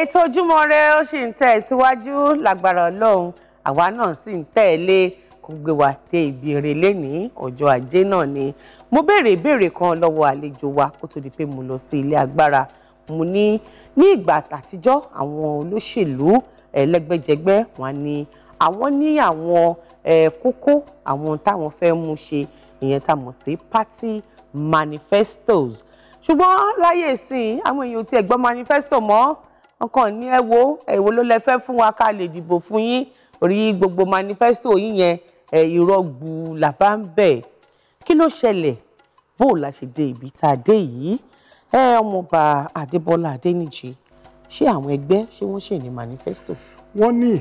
ètò ojúmọ́ rẹ ó sì ń tẹ̀ síwájú lágbára Ọlọ́run àwa náà sì ń tẹ̀lé kó gbé wa dé ibi eré lẹ́nìí ọjọ́ ajé náà ni mo béèrè ìbéèrè kan lọ́wọ́ àlejò wa kó tó di pé mo lọ sí ilé agbára mo ní ní ìgbà àtijọ́ àwọn olóṣèlú ẹlẹ́gbẹ́jẹgbẹ́ wọn ni àwọn ní àwọn kókó àwọn táwọn fẹ́ mú ṣe ìyẹn tá a sí party manifestos ṣùgbọ́n láyé ìsìn àwọn èèyàn ò tiẹ̀ manifesto mọ́ ọkàn ní ẹ wo èwo ló lẹ fẹ́ fún wa ká lè dìbò fún yín orí gbogbo manifesto yín yẹn ìrọ̀gbù làbá ń bẹ̀ kí ló ṣẹlẹ̀ bó la ṣe dé ibi tá a dé yìí ẹ ọmọọba Adébọ́lá Adéníjì ṣé àwọn ẹgbẹ́ ṣé wọ́n ṣe ní manifesto. wọ́n ní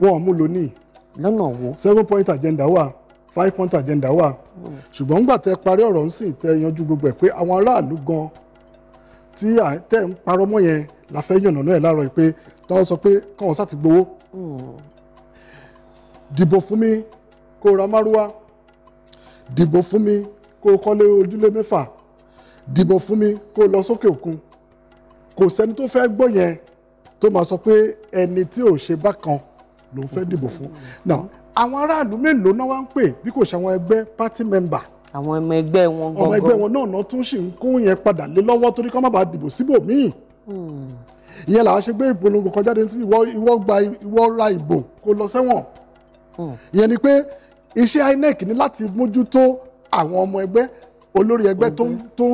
wọn ò mú lò ní. lọ́nà wo. seven point agenda wa, five point agenda wa, hmm. ṣùgbọ́n nígbà tẹ parí ọ̀rọ̀ ń sìn tẹ yanjú gbogbo ẹ̀ pé àwọn aráàlú gan tí tẹ ń parọ́ mọ́ yẹn la fẹ́ yànnàná ẹ̀ láàárọ̀ yìí pé táwọn sọ pé káwọn sá ti gbowó dìbò fún mi kó ra márúwá dìbò fún mi kó kọ́lé ojúlé mẹ́fà dìbò fún mi kó lọ sókè òkun kò sẹ́ni tó fẹ́ gbọ́ yẹn tó máa sọ pé ẹni tí ò ṣe bákan ló fẹ́ dìbò fún now àwọn aráàlú mélòó náà wá ń pè bí kò ṣe àwọn ẹgbẹ́ party member àwọn ọmọ ẹgbẹ́ wọn gbọ́ngàn ọmọ ẹgbẹ́ wọn náà náà tún ṣì ń kó yẹn padà lé lọ́wọ́ torí kó má bàa dìbò síbòmíì Hmm. ìyẹn làá ṣe gbé ìpolongo kan jáde tí ìwọ ìwọ gba ìwọ ra ìbò kó lọ sẹ́wọ̀n hmm. ìyẹn ni pé iṣẹ́ INEC ní láti mójútó àwọn ọmọ ẹgbẹ́ olórí ẹgbẹ́ tó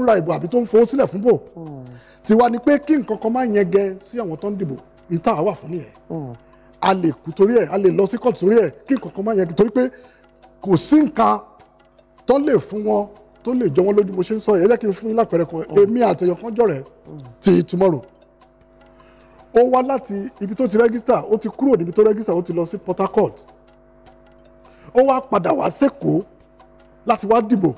ń ra ìbò àbí tó ń fowó sílẹ̀ fún bò hmm. tiwa ni pé kí nǹkan kan má yẹn gẹ sí àwọn tó ń dìbò ìta àwa fún nìyẹn a lè kú torí ẹ̀ a lẹ lọ sí kóòtù torí ẹ̀ kí nǹkan kan má yẹn torí pé kò sí nǹkan tó lè fún wọn tó lè jọ wọn lójú mo ṣe ń sọ yẹn jẹ́ kí n fún yín kan mm. èmi àtẹ̀yàn kan jọ̀rẹ̀ ti tomorrow ó wá láti ibi tó ti rẹ́gísítà ó ti kúrò níbi tó rẹ́gísítà ó ti lọ sí Port Harcourt ó wá padà wá sẹ́kọ̀ọ́ láti wá dìbò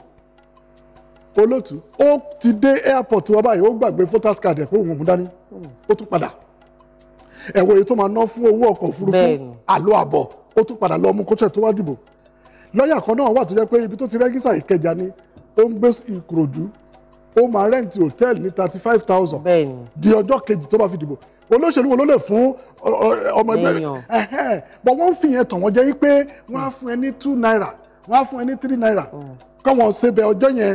olóòtú ó ti dé airport wa báyìí ó gbàgbé voters card ẹ̀ pé òun òun dání mm. ó tún padà ẹ̀wọ̀ èyí tó máa ná fún owó ọkọ̀ òfurufú àlọ́ àbọ̀ ó tún padà lọ mú kóṣẹ̀ tó wá dìbò lọ́yà kan náà wà tó jẹ́ pé ibi tó ti rẹ́gísà Ìkẹjà ni ó ń gbé ìkòròdú ó máa rẹ́ǹtì hòtẹ́ẹ̀lì ní thirty five thousand di ọjọ́ kejì tó bá fi dìbò olóṣèlú wo ló lè fún ọmọ ẹgbẹ́ rẹ̀ but wọ́n fi yẹn tàn wọ́n jẹ́ pé wọ́n á fún ẹ ní two naira wọ́n á fún ẹ ní three naira mm. kọ́ wọn ṣe bẹ ọjọ́ yẹn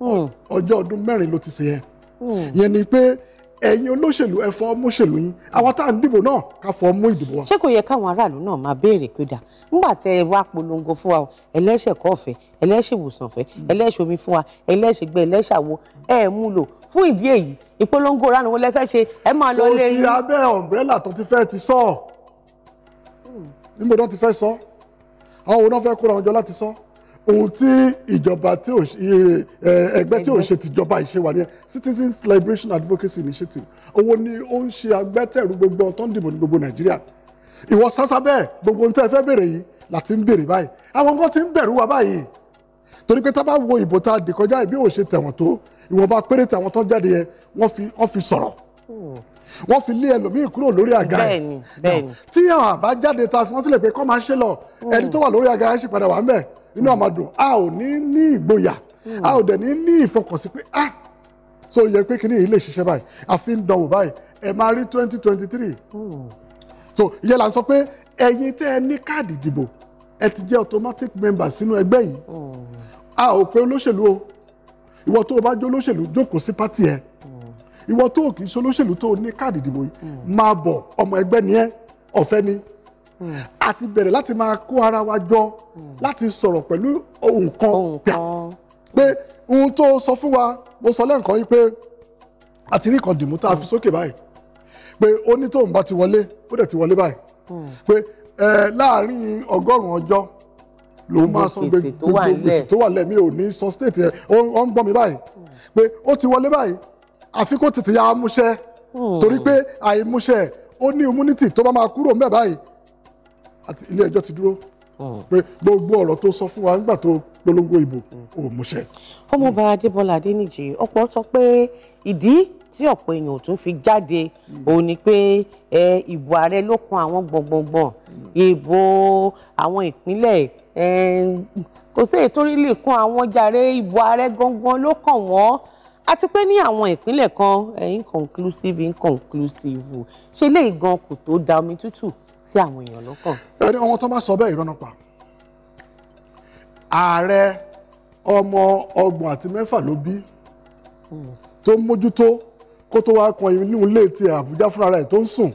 mm. ọjọ́ ọdún mẹ́rin ló ti ṣe yẹn mm. yẹn ni pé ẹ̀yin olóṣèlú ẹ fọ ọmú ṣèlú yín àwa tá à ń dìbò náà ká fọ ọmú ìdìbò wa. ṣé kò yẹ káwọn aráàlú náà máa béèrè pé dà nígbà tẹ ẹ wá polongo fún wa o ẹlẹ́ṣẹ̀ kọ́ ọ̀fẹ́ ẹlẹ́ṣẹ̀ ìwòsàn ọ̀fẹ́ ẹlẹ́ṣẹ̀ omi fún wa ẹlẹ́ṣẹ̀ gbẹ ẹlẹ́ṣẹ̀ àwo ẹ ẹ mú lò fún ìdí èyí ìpolongo ránuwó lẹ fẹ́ ṣe ẹ máa lọ lé yín. kò abẹ́ ọ̀mbrẹ́là ohun tí ìjọba tí ò ẹgbẹ́ tí ò ṣe tìjọba ìṣèwà ni Citizens Liberation Advocacy Initiative owó ni ó ń ṣe agbẹ́tẹ̀rù gbogbo ọ̀tọ́ ń dìbò ní gbogbo Nàìjíríà ìwọ sásá bẹ́ẹ̀ gbogbo ohun tẹ́ ẹ fẹ́ béèrè yìí láti ń béèrè báyìí àwọn kan ti ń bẹ̀rù wa báyìí torí pé tá bá wo ìbò tá a dì kọjá ìbí ò ṣe tẹ̀wọ̀n tó ìwọ̀nba péréte àwọn tó jáde yẹn wọ́n fi sọ̀rọ̀ hmm. wọ́n fi lé ẹlòmíì kúrò lórí àga ẹ̀ tí àwọn àbájáde ta fi wọ́n sílẹ̀ pé kọ́ máa ṣe lọ hmm. ẹni tó wà lórí àga ẹ̀ ṣì padà wà ń bẹ̀ inú ọmọ dùn a ò ní ní ìgboyà a ò dẹ̀ ní ní ìfọkànsí pé ah so yẹ pé kíní yìí lè ṣiṣẹ́ báyìí àfi ń dánwò báyìí ẹ máa rí twenty twenty three so ìyẹn là ń sọ pé ẹ̀yin tẹ́ ẹ ní káàdì ìdìbò ẹ ti jẹ́ automatic member sínú ẹgbẹ́ yìí a ò pé olóṣèlú o ìwọ tó o bá jó olóṣèlú jókòó sí pátì ẹ ìwọ tó o kì í ṣe olóṣèlú tó o ní káàdì ìdìbò yìí máa bọ̀ ọmọ ẹgbẹ́ ni ẹ ọ̀fẹ́ ni àti bẹ̀rẹ̀ láti máa kó ara wa jọ láti sọ̀rọ̀ pẹ̀lú ohun kan gbà pé ohun tó sọ fún wa mo sọ lẹ́ǹkan yìí pé àti rí kan dìmú tá a fi sókè báyìí pé ó ní tóun bá ti wọlé ó dẹ̀ ti wọlé báyìí pé láàárín ọgọ́rùn-ún ọjọ́ ló máa san gbogbo gbèsè tó wà lẹ̀ mi ò ní san state ẹ̀ ó mi báyìí pé ó ti wọlé báyìí àfi kó tètè ya amúṣẹ hmm. torí pé àìmúṣẹ ó ní immunity tó bá máa kúrò ńbẹ̀ báyìí àti ilé ẹjọ́ ti dúró pé gbogbo ọ̀rọ̀ tó sọ fún wa nígbà tó polongo ìbò ò múṣẹ. ọmọọba adébọlá adéníjì ọ̀pọ̀ sọ pé ìdí tí ọ̀pọ̀ èèyàn ò tún fi jáde òun ni pé ìbò ààrẹ ló kan àwọn gbọ̀ngbọ̀ngbọ̀n ìbò àwọn ìpínlẹ̀ kò sí èyí tó rí lè kún àwọn jàre ìbò ààrẹ gangan ló kàn wọ́n àti pé ní àwọn ìpínlẹ̀ kan inconclusive inconclusive ṣe lè gan kò tó da omi tútù sí àwọn èèyàn lọ́kàn. ẹni ọmọ tó máa sọ bẹ́ẹ̀ ìrọ́nà pa ààrẹ ọmọ ọgbọ̀n àti mẹ́fà ló bí hmm. tó mójútó kó tó wáá kan inú ilé ti Àbújá fúnra rẹ̀ tó ń sùn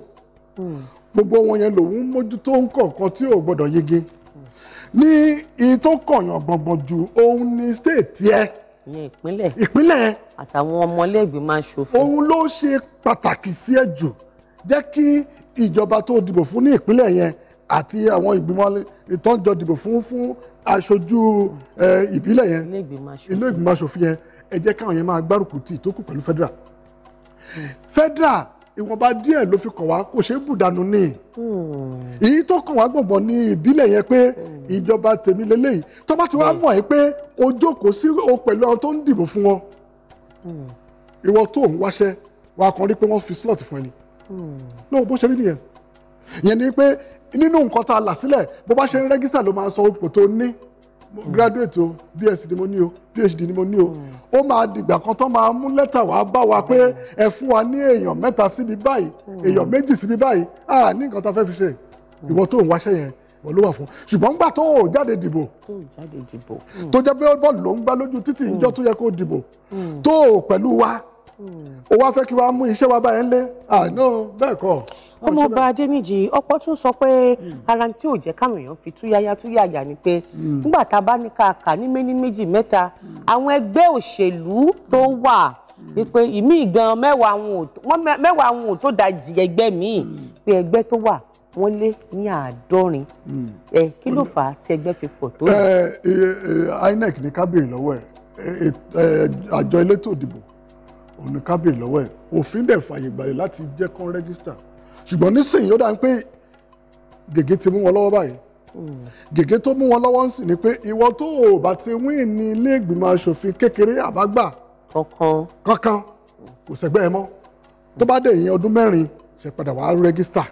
hmm. gbogbo wọn yẹn lòun mójútó nǹkan tí ò gbọdọ̀ yege ní iye tó kọ̀yàn gbọ̀ngbọ̀n jù òun ni stéètì ẹ̀ ìpínlẹ̀ ìpínlẹ̀ àtàwọn ọmọlẹ́gbẹ̀ẹ́ máa ń ṣòfin. òun ló ṣe pàtàkì sí ẹ jù jẹ́ kí ìjọba tó dìbò fún ní ìpínlẹ̀ yẹn àti àwọn ìgbìmọ̀ ìtọ́jọ dìbò fún fún aṣojú ìbílẹ̀ yẹn ilé ìgbìmọ̀ aṣòfin yẹn ẹ jẹ́ káwọn yẹn máa gbárùkù tì tó kù pẹ̀lú federal federal ìwọ̀nba díẹ̀ ló fi kàn wá kò ṣeé bùdànù ni hmm. èyí tó kàn wá gbọ̀ngbọ̀n ní ìbílẹ̀ yẹn pé hmm. ìjọba tèmi lélẹ́yìí tó bá ti wá hmm. mọ̀ ẹ́ pé o jókòó sí o pẹ̀lú àwọn tó ń dìbò fún wọn ìwọ tó ń wáṣẹ́ wàá kàn rí pé wọ́n fi slot fún ẹni lóhùn bó ṣe rí nìyẹn ìyẹn ni pé nínú nǹkan tá a là sílẹ̀ bó bá ṣe ń rẹ́gísítà ló máa sọ ipò tó ní hmm. graduate o bsc ni mo ní o phd ni mo ní o hmm. ó máa dìgbà kan tó máa mú lẹ́tà wá bá wa pé hmm. ẹ fún wa ní èèyàn mẹ́ta síbi báyìí èèyàn méjì síbi báyìí a ní nǹkan tá a fẹ́ fi ṣe ìwọ tó ń wáṣẹ́ yẹn wọ́n ló wà fún ṣùgbọ́n ńgbà tó o jáde dìbò tó jẹ́ pé bọ́ọ̀lù ló ń gbá lójú títì ìjọ tó yẹ kó dìbò tó pẹ̀lú wa Hmm. o wá fẹ́ kí wàá mú iṣẹ́ wa báyẹn ń lé àná ah, bẹ́ẹ̀ kọ́. ọmọọba adéníjì ọ̀pọ̀ tún sọ pé hmm. ara tí ò jẹ́ káwọn èèyàn fi túyáyá túyàyà ni pé hmm. nígbà tá a bá ní ká kà ní méní méjì mẹ́ta àwọn ẹgbẹ́ òṣèlú tó wà wípé ìmí gan mẹ́wàá àwọn ò tó dajì ẹgbẹ́ míì pé ẹgbẹ́ tó wà wọ́n lé ní àádọ́rin ẹ kí ló fà á tí ẹgbẹ́ fi pọ̀ tó. Eh, eh, eh, INEC ní kábíyèsí lọ́wọ́ ẹ̀ àjọ elétò ìdìbò òní kábíyèsí lọ́wọ́ ẹ̀ òfin dẹ̀ fààyè gbàlẹ̀ láti jẹ́ kán rẹ́gísítà ṣùgbọ́n nísìnyí ó dà ń pé gègé ti mú wọn lọ́wọ́ báyìí gègé tó mú wọn lọ́wọ́ ń sì ni pé ìwọ tó o bá ti wín ní ilé ìgbìmọ̀ asòfin kékeré àbágbà kankan kò sẹ́gbẹ́ ẹ mọ́ tó bá dé ìyẹn ọdún mẹ́rin ṣe padà wàá rẹ́gísítà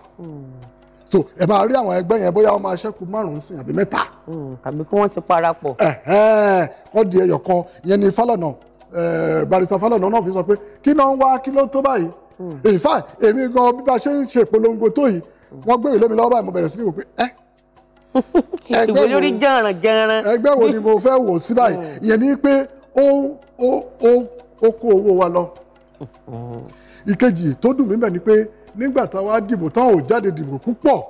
so ẹ máa rí àwọn ẹgbẹ́ yẹn bóyá wọ́n máa ṣẹ́kù márùn-ún sí àbí mẹ́ta. Hmm, àbí kí wọ́n ti parapọ̀. ẹ̀hẹ́n kọ́ di ẹyọ kan ni fálọ̀nà Eh, barista Falana náà fi sọ pé kí náà ń wá kí ló tó báyìí hmm. in fact èmi gan bí bá ṣe ń ṣe ìpolongo tó yìí wọ́n gbé ìlémi lọ́wọ́ báyìí mo bẹ̀rẹ̀ sí ní wò pé ẹ́ ẹgbẹ́ wo ẹgbẹ́ wo ni mo fẹ́ wò sí báyìí hmm. ìyẹn ni pé ó ó ó ó kó owó wa lọ hmm. ìkejì tó dùn mí bẹ̀ ni pé nígbà tá a wá dìbò táwọn ò jáde dìbò púpọ̀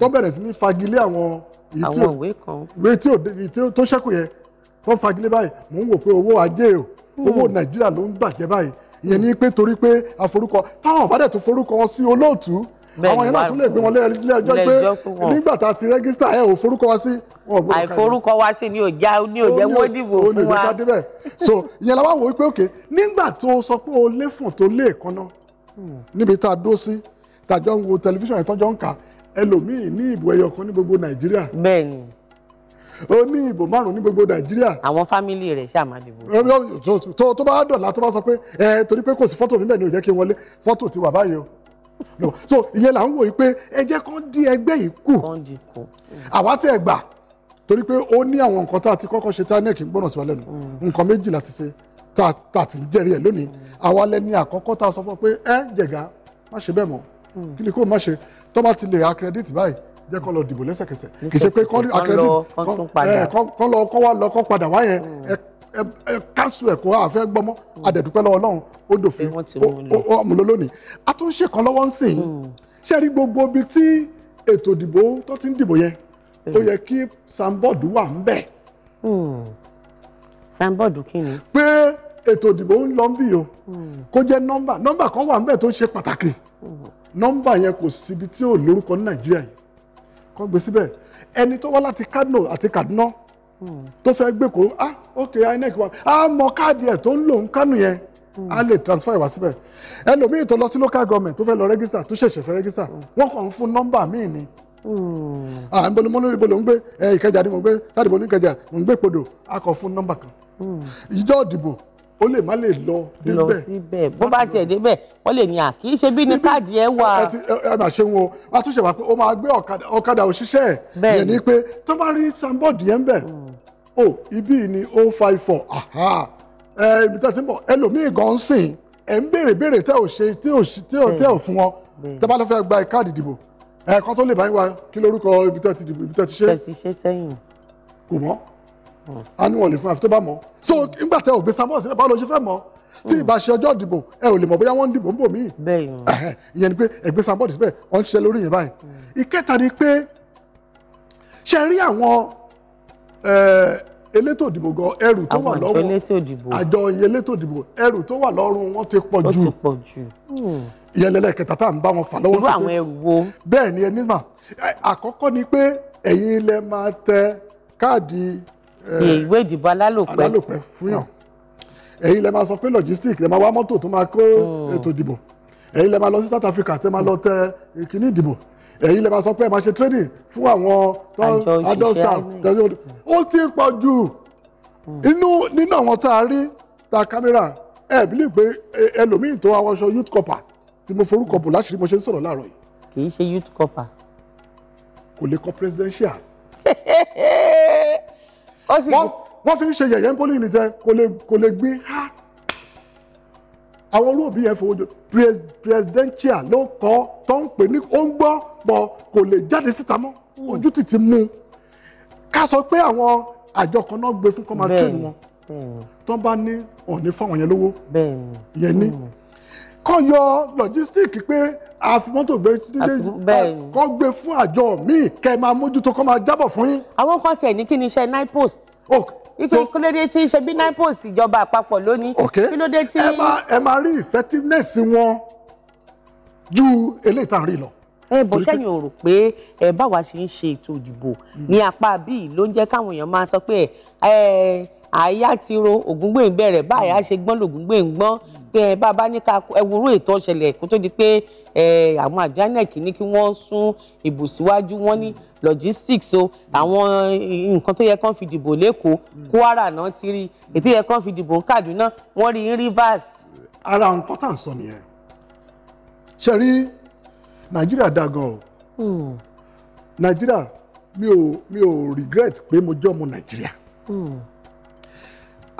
tó bẹ̀rẹ̀ sí ní fagilé àwọn ìwé tí ò tó ṣẹ́kù yẹn wọ́n fagilé báyìí mò ń wò pé owó ajé o owó nàìjíríà ló ń bàjẹ́ báyìí ìyẹn ní pé torí pé àforúkọ táwọn bá dẹ̀ tún forúkọ wọn sí olóòtú àwọn yẹn náà tún lè gbé wọn lé ẹjọ́ pé nígbà tá a ti rẹ́gísítà ẹ ò forúkọ wá sí. àìforúkọ wá sí ni ò já ni ò jẹ́ wọ́n dìbò fún wa. olùdókòwò débẹ̀ so ìyẹn la wá wò ó pé òkè nígbà tó o sọ pé o léfùn tó lé èkánná hmm, níbi tá a dó sí tàjọ ń wo tẹlifíṣàn ẹ̀ ń kà ẹlòmíì ní ìbò ẹyọ kan ní gbogbo nàìjíríà. bẹ́ẹ̀ni ó ní ìbò márùn ní gbogbo nàìjíríà. àwọn fámìlì rẹ̀ ṣáà máa dìbò. tó tó bá dọ̀la tó bá sọ pé ẹ torí pé kò sí fọ́tò níbẹ̀ ni ò jẹ́ kí n wọlé fọ́tò ti wà báyìí o. so ìyẹn là ń wòye pé ẹ jẹ́ kán dín ẹgbẹ́ yìí kù àwa tẹ̀ gbà torí pé ó ní àwọn nǹkan tá a ti kọ́kọ́ ṣe tá nẹ́ẹ̀kì gbọ́nà sí wa lẹ́nu mm. nǹkan méjì láti ṣe tá a ti jẹ́rìí ẹ̀ lónìí mm. àwa lẹ́ni àkọ́kọ́ tá a sọ fún ọ pé ẹ jẹ̀gá má ṣe bẹ́ẹ̀ mọ́ mm. kí ni kó má ṣe tó bá ti lè accredit báyìí jẹ́ kó lọ dìbò lẹ́sẹ̀kẹsẹ̀ kì í ṣe pé kán accredit kán lọ kán wa lọ kán padà wá yẹn mm. ẹ káṣù ẹ̀kọ́ àfẹ́ gbọ́mọ́ adẹ̀dúpẹ́ lọ́wọ́ Ọlọ́run ó dòfin ó àmúlò lónìí a tún ṣe kan lọ́wọ́ ń sìn mm. ṣe rí gbogbo ibi tí ètò ìdìbò tó ti ń dìbò yẹn ó mm. yẹ kí sanbọ́ọ̀dù wà ń bẹ̀. sanbọ́ọ̀dù kí ni. pé ètò ìdìbò ń lọ bí o kó jẹ́ nọ́mbà nọ́mbà kan wà ń bẹ̀ tó ṣe pàtàkì nọ́mbà yẹn kò síbi tí ò lórúkọ ní Nàìjíríà yìí kọ́ gbé síbẹ̀ ẹni tó wá láti Kano àti Kaduna tó fẹ́ gbé kó ah ok INEC wa a mọ káàdì ẹ̀ tó ń lò ń Kano yẹn a lè transfer ìwà síbẹ̀ ẹlòmíì tó lọ sí local government tó fẹ́ lọ register tó ṣẹ̀ṣẹ̀ fẹ́ register wọ́n kàn ń fún nọ́mbà míì ni hmm. à ń bolo mọ́nú ibo ló ń gbé eh, Ìkẹjà ni mo ń gbé sádìbò ní Ìkẹjà mo ń gbé Ìpodò a kàn fún nọ́mbà kan hmm. ìjọ́ ìdìbò ó lè má lè lọ débẹ̀. lọ síbẹ̀ bó bá tiẹ̀ débẹ̀ wọ́n lè ní à kì í ṣe bí ni káàdì ẹ wà. ẹ ti ẹ mà ṣe wọn a tún ṣe wá pé ó máa gbé ọ̀kadà òṣìṣẹ́ ẹ̀ yẹn ni pé tó bá rí sanbọ́ọ̀dù yẹn bẹ̀ hmm. o oh, ibi ni o oh five four aha ẹ ibi tá a ti ń bọ̀ ẹlòmíì gan sìn ẹ̀ ń béèrè béèrè tẹ́ ò ṣe tẹ́ ò fún wọn tẹ́ bá lọ fẹ́ gba káàdì ìdìbò ẹ̀ẹ̀kan tó lè bá yín wá kí lórúkọ ibi tẹ́ ti ti ṣe. tẹ́ ti ṣe tẹ́yìn. kò mọ́ a ní wọn lè fún àfi tó bá mọ̀ so nígbà tẹ ò gbé samuel sílẹ̀ báwo ló ṣe fẹ́ mọ̀ tí ìbá ṣe ọjọ́ ìdìbò ẹ ò lè mọ̀ bóyá wọ́n ń dìbò ń bò míì ìyẹn ni pé ẹgbẹ́ samuel síbẹ̀ wọ́n ń ṣiṣẹ́ lórí yẹn báyìí ìkẹta ni pé ṣe rí àwọn elétò ìdìbò gan ẹrù tó wà lọ́wọ́ àjọ elétò ìdìbò ẹrù tó wà lọ́rùn wọn ti pọ̀ jù hmm. ìyẹn lẹ́lẹ́kẹta tá à ń bá wọn fà lọ́wọ́ sí pé bẹ́ẹ̀ ni ẹ nígbà àkọ́kọ́ ni pé ẹ̀yin lẹ máa tẹ káàdì ìwé ìdìbò alálòpẹ́ alálòpẹ́ fún yàn ẹ̀yin lẹ máa sọ pé logistics lẹ máa wá mọ́tò tó máa kó oh. ètò ìdìbò ẹ̀yin lẹ máa lọ sí South Africa tẹ máa lọ tẹ kíní ìdìbò ẹ̀yin lẹ máa sọ pé ẹ máa ṣe training fún àwọn adult staff ó ti pọ̀ jù inú nínú àwọn tá a rí ta kámẹ́rà ẹ bílẹ̀ pé ẹlòmíì tó àwọn aṣọ youth copper tí mo forúkọ bò láṣìírí mo ṣe ń sọ̀rọ̀ láàárọ̀ yìí. kì í ṣe youth copper. kò lè kọ presidential. wọ́n fi ń ṣe yẹ̀yẹ́ poli ní tẹ kò lè gbé ha àwọn olóòbí yẹn fowó jọ presidential ló kọ́ tó ń pè ní ó ń gbọ́ pọ̀ kò lè jáde síta mọ́ hmm. ojú títí mú un ká sọ pé àwọn àjọ kan náà gbé fún kọ́ máa tún wọn tó bá ní òní fáwọn yẹn lówó ìyẹn ní kọ́ yọ logistic pé àfimọ́tò gbé nílé kọ́ gbé fún àjọ míì kẹ́ ẹ máa mójútó kọ́ máa jábọ̀ fún yín. àwọn kan tiẹ̀ ní kí ni iṣẹ́ nipost. ipe kílódé tí ṣe bí nipost ìjọba àpapọ̀ lónìí. kílódé tí. ẹ máa ẹ máa rí effectiveness wọn ju eléyìí tá à ń rí lọ. ẹ bọ sẹ́yìn ò rò pé ẹ báwa ṣe ń ṣe ètò ìdìbò ní apá bíi ló ń jẹ́ káwọn èèyàn máa sọ pé ẹ àyà ti ro ògúngbè ń bẹ̀rẹ̀ báyà ṣe gbọ́n lògúngbè ń gbọ́n pé ẹ bàbá ní ká ẹwúrú ètò ọ̀ṣẹ̀lẹ̀ kó tó di pé àwọn àjánẹ̀kì e ní kí wọ́n sún ìbò síwájú wọn ní logistics o àwọn nǹkan tó yẹ kán fi dìbò lẹ́kọ̀ọ́ Kwara náà ti rí ètò yẹ kán fi dìbò Kaduna wọ́n rí Rivers. ara nǹkan tá à ń sọ nìyẹn ṣe rí Nàìjíríà dá gan o hmm. Nàìjíríà mi ò mi ò regret pé mo jẹ́ ọmọ Nàìjíríà. Mm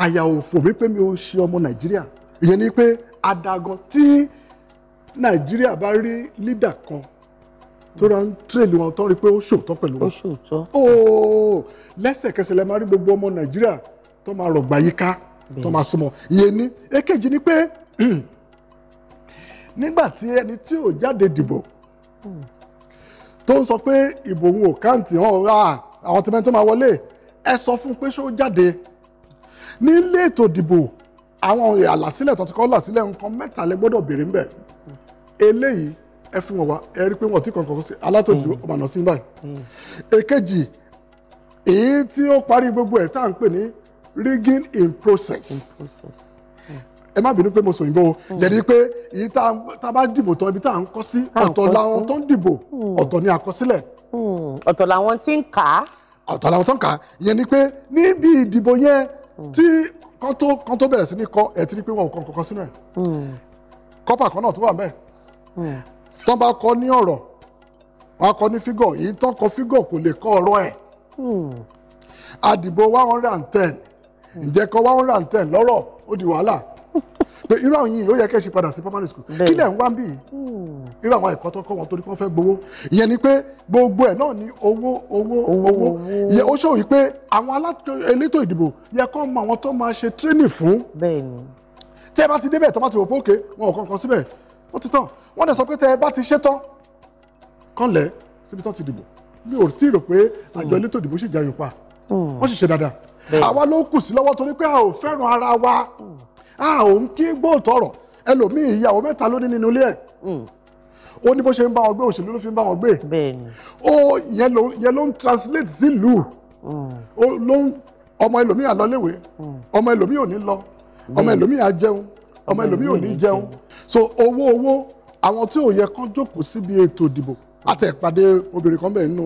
àyà ò fò mí pé mi ò ṣe ọmọ nàìjíríà ìyẹn ni pé adagan tí nàìjíríà bá rí lídà kan tó ra ń tírèlì wọn tó rí pé ó ṣòótọ́ pẹ̀lú wọn. ó ṣòótọ́. ooo lẹ́sẹ̀kẹsẹ̀ lẹ máa rí gbogbo ọmọ nàìjíríà tó máa rọ̀gbà yíká tó máa súnmọ́ ìyẹn ni èkejì ni pé nígbà tí ẹni tí ò jáde dìbò tó ń sọ pé ìbò òun ò káǹtì hàn ra àwọn tìmẹ́ntì máa wọlé ẹ sọ fún pé ṣó jáde nílé ètò ìdìbò àwọn àlàsílẹ̀ tó ti kọ́ làsílẹ̀ nǹkan mẹ́ta lẹ gbọ́dọ̀ béèrè ńbẹ̀ eléyìí ẹ fi wọn wá ẹ rí i pé wọn ti kọ̀ọ̀kan sí alátòjú mm. ọmọ àná sí báyìí mm. èkejì èyí tí ó parí gbogbo ẹ̀ tá à ń pè ní rigging in process ẹ má bínú pé mo sòyìnbó yẹni mm. pé èyí tá a bá dìbò tán ibi tá à ń kọ́ sí ọ̀tọ̀ làwọn tó ń dìbò ọ̀tọ̀ ni àkọsílẹ̀ ọ̀tọ̀ làwọn tí ń kà á ọ̀tọ̀ làwọn tó ń kà á yẹn Mm. tí kan tó kan tó bẹ̀rẹ̀ sí ní kọ ẹ̀ ti rí pé wọn ò kọ kankan sínú ẹ̀ mm. kọ́pà kan náà tó wà bẹ́ẹ̀ mm. tán bá kọ ní ọ̀rọ̀ wọn á kọ ní fígọ̀ èyí tán kọ fígọ̀ kò lè kọ ọ̀rọ̀ ẹ̀ àdìbò one hundred and ten ǹjẹ́ kọ one hundred and ten lọ́rọ̀ ó di wàhálà pé irú àwọn yìí ó yẹ kẹ́ ṣe padà sí primary school kí lẹ̀ ń wá bí irú àwọn ẹ̀kọ́ tó kọ́ wọn torí kí wọ́n fẹ́ gbowó ìyẹn ni pé gbogbo ẹ̀ náà ní owó owó owó ìyẹn ó ṣòwò pé àwọn elétò ìdìbò yẹ kó mọ àwọn tó máa ṣe training fún tẹ́ ẹ bá ti débẹ̀ tó bá ti wò pé òkè wọn ò kankan síbẹ̀ ó ti tán wọ́n dẹ̀ sọ pé tẹ́ ẹ bá ti ṣetán kọ́lẹ̀ síbi tó ti dìbò mi ò tí ì rò pé àjọ elétò ìdìbò sì jẹ́ yorùbá hmm. wọ́n sì ṣe dáadáa àwa ló kù sí lọ́wọ́ torí pé a ò fẹ́ràn ara wa. Mm a ò ń kí gbóòtọ̀rọ̀ ẹlòmíì ìyàwó mẹ́ta ló ní nínú ilé ẹ̀ hmm. ó ní bó ṣe ń bá wọn gbé òṣèlú ló fi ń bá wọn gbé ó yẹn ló ń translate sílùú hmm. ọmọ ẹlòmíì á lọ léwe hmm. ọmọ ẹlòmíì ò ní lọ ọmọ ẹlòmíì á ọmọ ẹlòmíì ò ní jẹun so owó owó àwọn tí ò yẹ kán jókòó síbi ètò ìdìbò àti ìpàdé obìnrin kan bẹ̀ nínú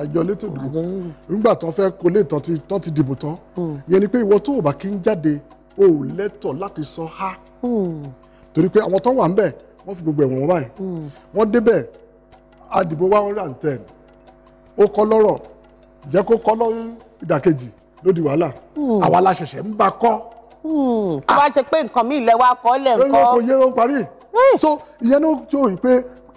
àjọ létò ìdìbò nígbà tán fẹ́ kólé tán ti dìbò tán yẹn ni pé ìwọ tó ò bá kí ń jáde o ò lẹ́tọ̀ láti sọ ha hmm. torí pé àwọn tán wà ń bẹ̀ wọ́n fi gbogbo ẹ̀wọ̀n wọn báyìí hmm. wọ́n débẹ̀ àdìbò one hundred and ten ó kọ́ lọ́rọ̀ jẹ́ kó kọ́ lọ́rọ̀ ìdàkejì ló di wàhálà hmm. àwa la ṣẹ̀ṣẹ̀ ń bá kọ́. tó bá ṣe pé nǹkan mi ìlẹ̀ wa kọ́ lẹ̀ ń kọ́. ẹ kò yẹ ó parí so ìyẹn ló jọ yìí pé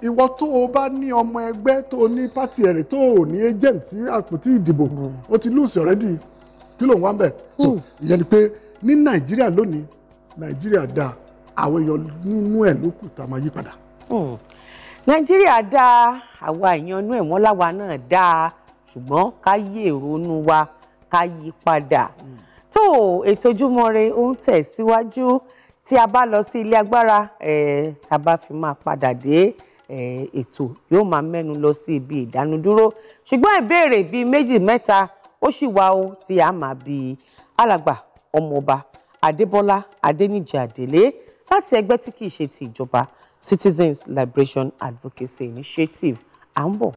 ìwọ tó o bá ní ọmọ ẹgbẹ́ tó o ní pátì ẹ̀rẹ̀ tó o ní agent sí àpótí ìdìbò o ti lose already kí ló ń wá ń bẹ̀ so ìyẹn ni pé ní nàìjíríà lónìí nàìjíríà da, àwọn èèyàn nínú ẹ̀ ló kù tá a máa yí padà. Hmm. nàìjíríà da àwa èèyàn inú ẹ̀ wọ́n láwa náà dáa ṣùgbọ́n ká yí èrònú wa ká yí padà. Hmm. tó ètò ojúmọ́ re ó ń tẹ̀síwájú tí a bá lọ sí ilé agbára tá a bá fi máa padà dé ètò yóò máa mẹ́nu lọ sí ibi ìdánudúró ṣùgbọ́n ìbéèrè bíi méjì mẹ́ta ó sì wà ó tí a máa bi alàgbà ọmọọba adébọlá adéníjì àdélé láti ẹgbẹ́ tí kì í ṣe ti ìjọba citizens liberation advocacy initiative à ń bọ̀.